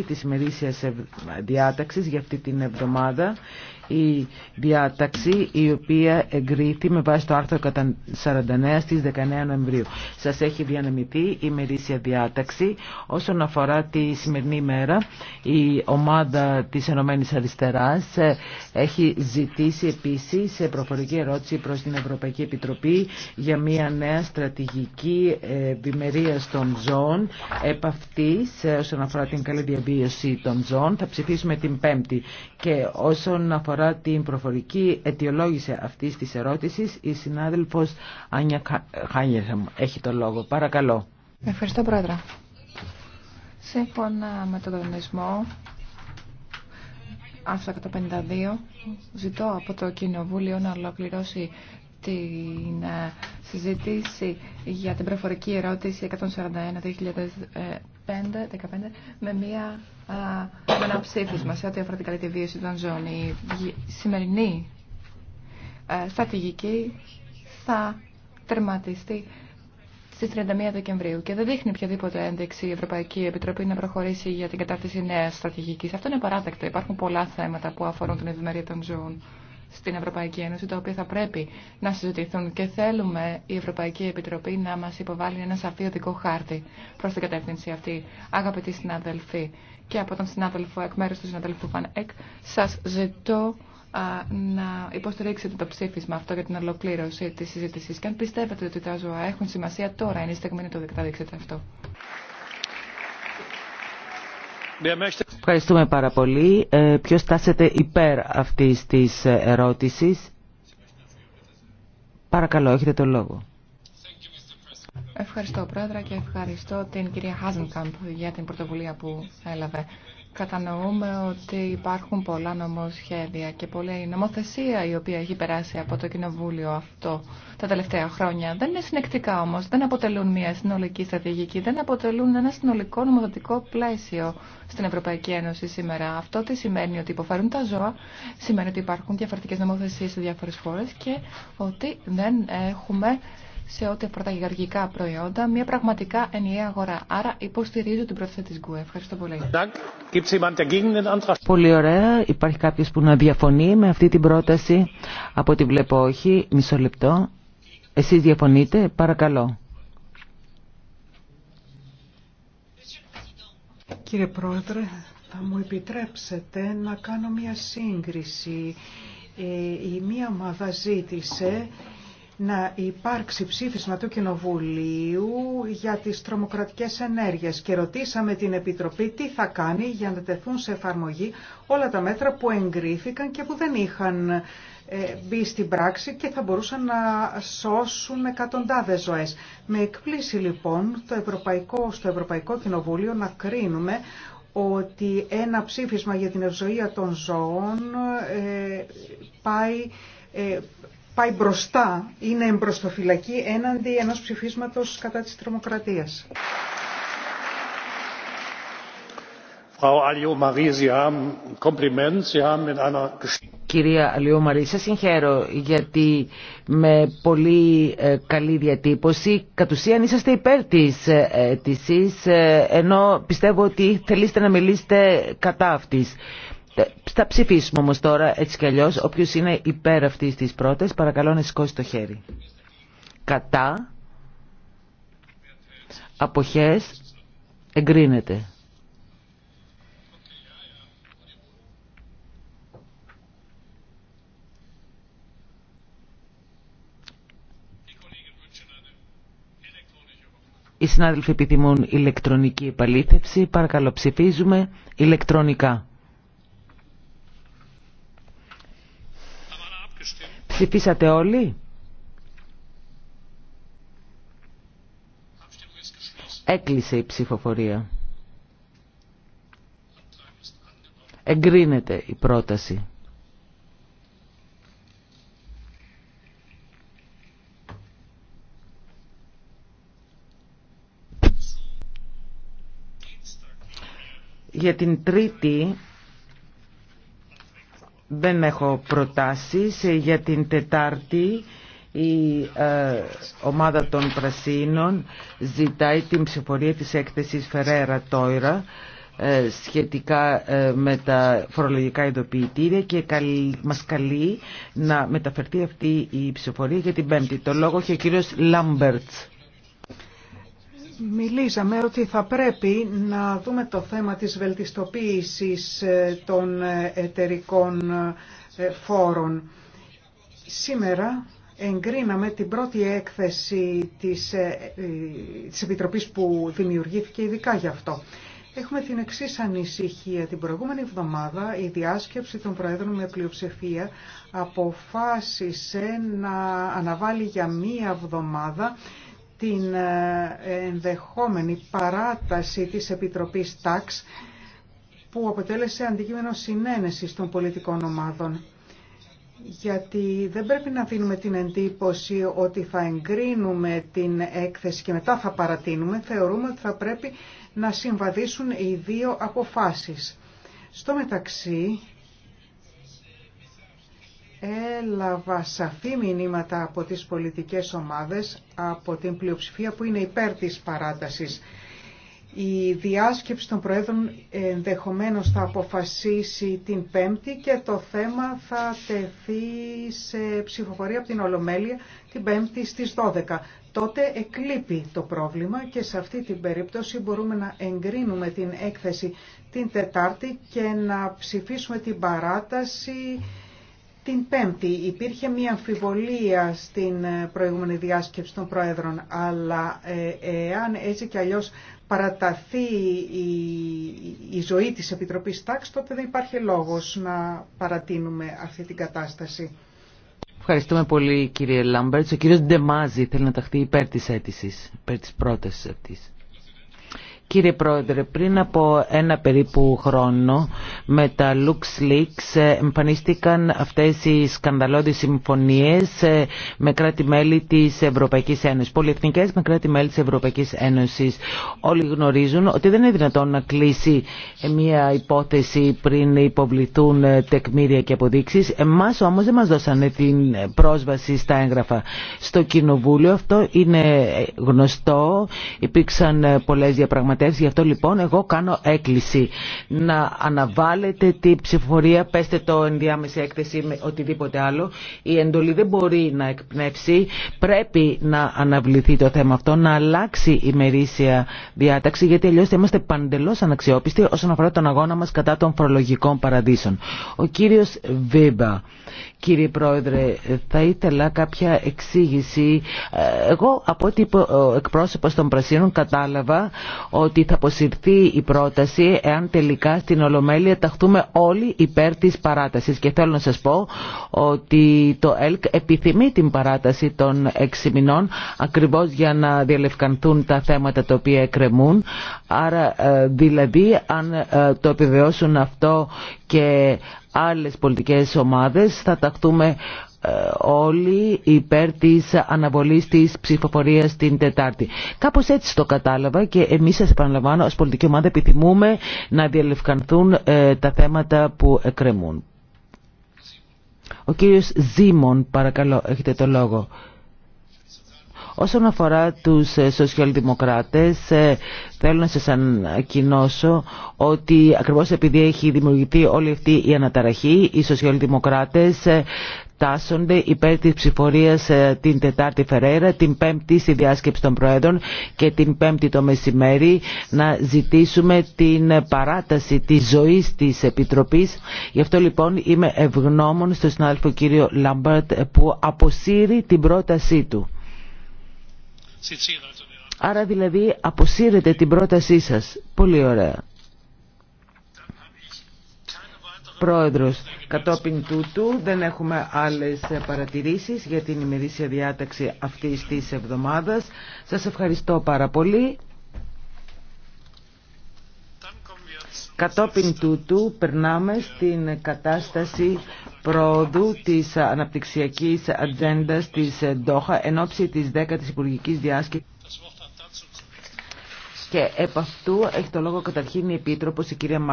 της ημερήσιας διάταξης για αυτή την εβδομάδα η διάταξη η οποία εγκρίθη με βάση το άρθρο 49 στις 19 Νοεμβρίου. Σας έχει διανεμηθεί η ημερήσια διάταξη. Όσον αφορά τη σημερινή μέρα η ομάδα της Ενωμένης ΕΕ Αριστεράς ε, έχει ζητήσει επίσης σε προφορική ερώτηση προς την Ευρωπαϊκή Επιτροπή για μια νέα στρατηγική ε, ευημερία των ζώων επ' ε, όσον αφορά την καλή συμβίωση των ζώων. Θα ψηφίσουμε την Πέμπτη. Και όσον αφορά την προφορική αιτιολόγηση αυτής της ερώτησης, η συνάδελφος Άνια Χάνιεθαμ έχει το λόγο. Παρακαλώ. Ευχαριστώ Πρόεδρε. Σύμφωνα με τον δανεισμό άρθρο 152 ζητώ από το Κοινοβούλιο να ολοκληρώσει την ε, συζήτηση για την προφορική ερώτηση 141-2015 με, μια, με ένα ψήφισμα σε ό,τι αφορά την καλύτερη βίωση των ζώων. Η σημερινή ε, στρατηγική θα τερματιστεί στις 31 Δεκεμβρίου και δεν δείχνει οποιαδήποτε ένδειξη η Ευρωπαϊκή Επιτροπή να προχωρήσει για την κατάρτιση νέας στρατηγικής. Αυτό είναι παράδεκτο. Υπάρχουν πολλά θέματα που αφορούν την ευημερία των ζώων στην Ευρωπαϊκή Ένωση, τα οποία θα πρέπει να συζητηθούν και θέλουμε η Ευρωπαϊκή Επιτροπή να μας υποβάλει ένα σαφή οδικό χάρτη προς την κατεύθυνση αυτή. Αγαπητοί συναδελφοί και από τον συνάδελφο εκ μέρους του συναδελφού Φαν Εκ, σας ζητώ να υποστηρίξετε το ψήφισμα αυτό για την ολοκλήρωση της συζήτησης και αν πιστεύετε ότι τα ζώα έχουν σημασία τώρα είναι η στιγμή να το δείξετε αυτό. Ευχαριστούμε πάρα πολύ. Ε, Ποιο τάσεται υπέρ αυτής της ερώτησης. Παρακαλώ, έχετε το λόγο. Ευχαριστώ, Πρόεδρε, και ευχαριστώ την κυρία Χάζενκαμπ για την πρωτοβουλία που έλαβε. Κατανοούμε ότι υπάρχουν πολλά νομοσχέδια και πολλή νομοθεσία η οποία έχει περάσει από το Κοινοβούλιο αυτό τα τελευταία χρόνια. Δεν είναι συνεκτικά όμως, δεν αποτελούν μια συνολική στρατηγική, δεν αποτελούν ένα συνολικό νομοθετικό πλαίσιο στην Ευρωπαϊκή Ένωση σήμερα. Αυτό τι σημαίνει ότι υποφέρουν τα ζώα, σημαίνει ότι υπάρχουν διαφορετικές νομοθεσίες σε διάφορες χώρες και ότι δεν έχουμε σε ό,τι αφορά τα γεωργικά προϊόντα, μια πραγματικά ενιαία αγορά. Άρα υποστηρίζω την πρόθεση της ΓΚΟΕ. Ευχαριστώ πολύ. Πολύ ωραία. Υπάρχει κάποιος που να διαφωνεί με αυτή την πρόταση. Από ό,τι βλέπω όχι. Μισό λεπτό. Εσείς διαφωνείτε. Παρακαλώ. Κύριε Πρόεδρε, θα μου επιτρέψετε να κάνω μια σύγκριση. Ε, η μία ομάδα ζήτησε να υπάρξει ψήφισμα του Κοινοβουλίου για τις τρομοκρατικές ενέργειες και ρωτήσαμε την Επιτροπή τι θα κάνει για να τεθούν σε εφαρμογή όλα τα μέτρα που εγκρίθηκαν και που δεν είχαν ε, μπει στην πράξη και θα μπορούσαν να σώσουν εκατοντάδες ζωές. Με εκπλήσει λοιπόν το Ευρωπαϊκό, στο Ευρωπαϊκό Κοινοβούλιο να κρίνουμε ότι ένα ψήφισμα για την ευζοία των ζώων ε, πάει ε, πάει μπροστά, είναι εμπροστοφυλακή έναντι ενός ψηφίσματος κατά της τρομοκρατίας. Κυρία Αλιού Μαρή, σας συγχαίρω γιατί με πολύ ε, καλή διατύπωση κατ' ουσίαν είσαστε υπέρ της αίτησης ε, ενώ πιστεύω ότι θελήσετε να μιλήσετε κατά αυτής. Ε, θα ψηφίσουμε όμως τώρα έτσι κι αλλιώς. Όποιος είναι υπέρ αυτής της πρώτης, παρακαλώ να σηκώσει το χέρι. Κατά. Αποχές. Εγκρίνεται. Οι συνάδελφοι επιθυμούν ηλεκτρονική επαλήθευση. Παρακαλώ ψηφίζουμε ηλεκτρονικά. Ψηφίσατε όλοι. Έκλεισε η ψηφοφορία. Εγκρίνεται η πρόταση. Για την τρίτη δεν έχω προτάσεις ε, για την Τετάρτη η ε, ομάδα των Πρασίνων ζητάει την ψηφορία της έκθεσης Φερέρα Τόιρα σχετικά ε, με τα φορολογικά ειδοποιητήρια και καλ, μας καλεί να μεταφερθεί αυτή η ψηφορία για την Πέμπτη. Το λόγο έχει ο κύριος Λάμπερτς. Μιλήσαμε ότι θα πρέπει να δούμε το θέμα της βελτιστοποίησης ε, των ε, εταιρικών ε, φόρων. Σήμερα εγκρίναμε την πρώτη έκθεση της, της Επιτροπής που δημιουργήθηκε ειδικά γι' αυτό. Έχουμε την εξή ανησυχία. Την προηγούμενη εβδομάδα η διάσκεψη των Προέδρων με πλειοψηφία αποφάσισε να αναβάλει για μία εβδομάδα την ε, ενδεχόμενη παράταση της Επιτροπής ΤΑΞ που αποτέλεσε αντικείμενο συνένεσης των πολιτικών ομάδων. Γιατί δεν πρέπει να δίνουμε την εντύπωση ότι θα εγκρίνουμε την έκθεση και μετά θα παρατείνουμε. Θεωρούμε ότι θα πρέπει να συμβαδίσουν οι δύο αποφάσεις. Στο μεταξύ, έλαβα σαφή μηνύματα από τις πολιτικές ομάδες, από την πλειοψηφία που είναι υπέρ της παράτασης. Η διάσκεψη των Προέδρων ενδεχομένως θα αποφασίσει την Πέμπτη και το θέμα θα τεθεί σε ψηφοφορία από την Ολομέλεια την Πέμπτη στις 12. Τότε εκλείπει το πρόβλημα και σε αυτή την περίπτωση μπορούμε να εγκρίνουμε την έκθεση την Τετάρτη και να ψηφίσουμε την παράταση την Πέμπτη υπήρχε μια αμφιβολία στην ε, προηγούμενη διάσκεψη των Πρόεδρων, αλλά ε, εάν έτσι κι αλλιώς παραταθεί η, ζωή της Επιτροπής τάξη, τότε δεν υπάρχει λόγος να παρατείνουμε αυτή την κατάσταση. Ευχαριστούμε πολύ κύριε Λάμπερτς. Ο κύριος Ντεμάζη θέλει να ταχθεί υπέρ της αίτησης, υπέρ της πρότασης αυτής. Κύριε Πρόεδρε, πριν από ένα περίπου χρόνο με τα LuxLeaks ε, εμφανίστηκαν αυτές οι σκανδαλώδεις συμφωνίες ε, με κράτη-μέλη της Ευρωπαϊκής Ένωσης, πολυεθνικές με κράτη-μέλη της Ευρωπαϊκής Ένωσης. Όλοι γνωρίζουν ότι δεν είναι δυνατόν να κλείσει ε, μια υπόθεση πριν υποβληθούν τεκμήρια και αποδείξεις. Εμάς όμως δεν μας δώσανε την πρόσβαση στα έγγραφα. Στο Κοινοβούλιο αυτό είναι γνωστό, υπήρξαν πολλές διαπραγματεύσεις Γι' αυτό λοιπόν εγώ κάνω έκκληση να αναβάλλετε τη ψηφοφορία, πέστε το ενδιάμεση έκθεση με οτιδήποτε άλλο. Η εντολή δεν μπορεί να εκπνεύσει. Πρέπει να αναβληθεί το θέμα αυτό, να αλλάξει η μερίσια διάταξη, γιατί αλλιώ θα είμαστε παντελώ αναξιόπιστοι όσον αφορά τον αγώνα μα κατά των φορολογικών παραδείσων. Ο κύριο Βίμπα. Κύριε Πρόεδρε, θα ήθελα κάποια εξήγηση. Ε, εγώ από ό,τι είπε ο εκπρόσωπος των Πρασίνων κατάλαβα ότι ότι θα αποσυρθεί η πρόταση εάν τελικά στην Ολομέλεια ταχθούμε όλοι υπέρ της παράτασης. Και θέλω να σας πω ότι το ΕΛΚ επιθυμεί την παράταση των μηνών ακριβώς για να διαλευκανθούν τα θέματα τα οποία εκκρεμούν. Άρα ε, δηλαδή αν ε, το επιβεβαιώσουν αυτό και άλλες πολιτικές ομάδες θα ταχθούμε όλοι υπέρ της αναβολής της ψηφοφορίας την Τετάρτη. Κάπως έτσι το κατάλαβα και εμείς σας επαναλαμβάνω ως πολιτική ομάδα επιθυμούμε να διαλευκανθούν ε, τα θέματα που εκκρεμούν. Ο κύριος Ζήμων, παρακαλώ, έχετε το λόγο. Όσον αφορά τους ε, σοσιαλδημοκράτες, ε, θέλω να σας ανακοινώσω ότι ακριβώς επειδή έχει δημιουργηθεί όλη αυτή η αναταραχή, οι σοσιαλδημοκράτες υπέρ της ψηφορίας ε, την Τετάρτη Φεραίρα, την Πέμπτη στη διάσκεψη των Προέδρων και την Πέμπτη το μεσημέρι να ζητήσουμε την παράταση της ζωής της Επιτροπής. Γι' αυτό λοιπόν είμαι ευγνώμων στον συνάδελφο κύριο Λαμπέρτ που αποσύρει την πρότασή του. Άρα δηλαδή αποσύρετε την πρότασή σας. Πολύ ωραία. Πρόεδρος. Κατόπιν τούτου δεν έχουμε άλλες παρατηρήσεις για την ημερήσια διάταξη αυτής της εβδομάδας. Σας ευχαριστώ πάρα πολύ. Κατόπιν τούτου περνάμε στην κατάσταση πρόοδου της αναπτυξιακής ατζέντα της Ντόχα εν ώψη της 10ης Υπουργικής Διάσκεψης. Και επ' αυτού έχει το λόγο καταρχήν η Επίτροπος η κυρία